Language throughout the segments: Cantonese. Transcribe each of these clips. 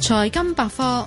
財金百科。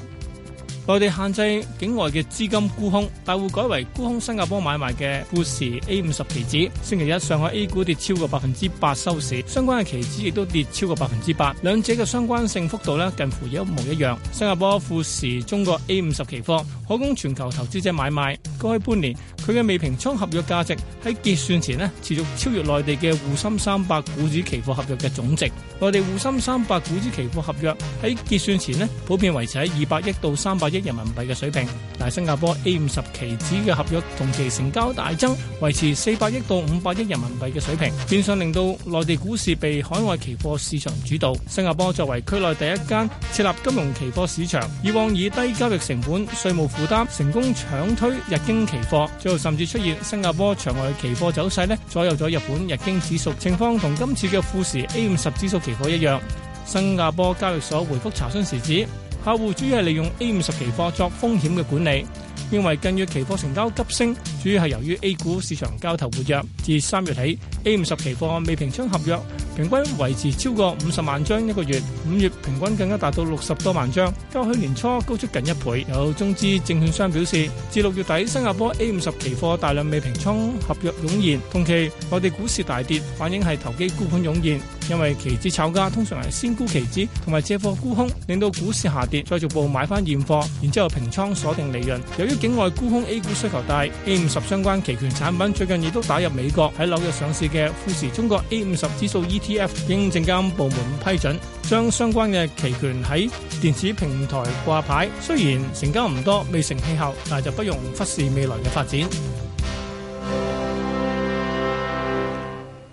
內地限制境外嘅資金沽空，大戶改為沽空新加坡買賣嘅富時 A 五十期指。星期一上海 A 股跌超過百分之八收市，相關嘅期指亦都跌超過百分之八，兩者嘅相關性幅度呢近乎一模一樣。新加坡富時中國 A 五十期貨可供全球投資者買賣，過去半年佢嘅未平倉合約價值喺結算前呢持續超越內地嘅滬深三百股指期貨合約嘅總值。內地滬深三百股指期貨合約喺結算前呢普遍維持喺二百億到三百億。人民幣嘅水平，但係新加坡 A 五十期指嘅合約同期成交大增，維持四百億到五百億人民幣嘅水平，變相令到內地股市被海外期貨市場主導。新加坡作為區內第一間設立金融期貨市場，以往以低交易成本、稅務負擔成功搶推日經期貨，最後甚至出現新加坡場外期貨走勢咧左右咗日本日經指數情況，同今次嘅富時 A 五十指數期貨一樣。新加坡交易所回復查詢時指，客戶主要係利用 A 五十期貨作風險嘅管理，認為近月期貨成交急升，主要係由於 A 股市場交投活躍。至三月起，A 五十期貨未平倉合約，平均維持超過五十萬張一個月，五月平均更加達到六十多萬張，較去年初高出近一倍。有中資證券商表示，至六月底，新加坡 A 五十期貨大量未平倉合約湧現，同期內地股市大跌，反映係投機沽盤湧現。因為期指炒家通常係先沽期指，同埋借貨沽空，令到股市下跌，再逐步買返現貨，然之後平倉鎖定利潤。由於境外沽空 A 股需求大，A 五十相關期權產品最近亦都打入美國喺紐約上市嘅富時中國 A 五十指數 ETF，經證監部門批准，將相關嘅期權喺電子平台掛牌。雖然成交唔多，未成氣候，但就不容忽視未來嘅發展。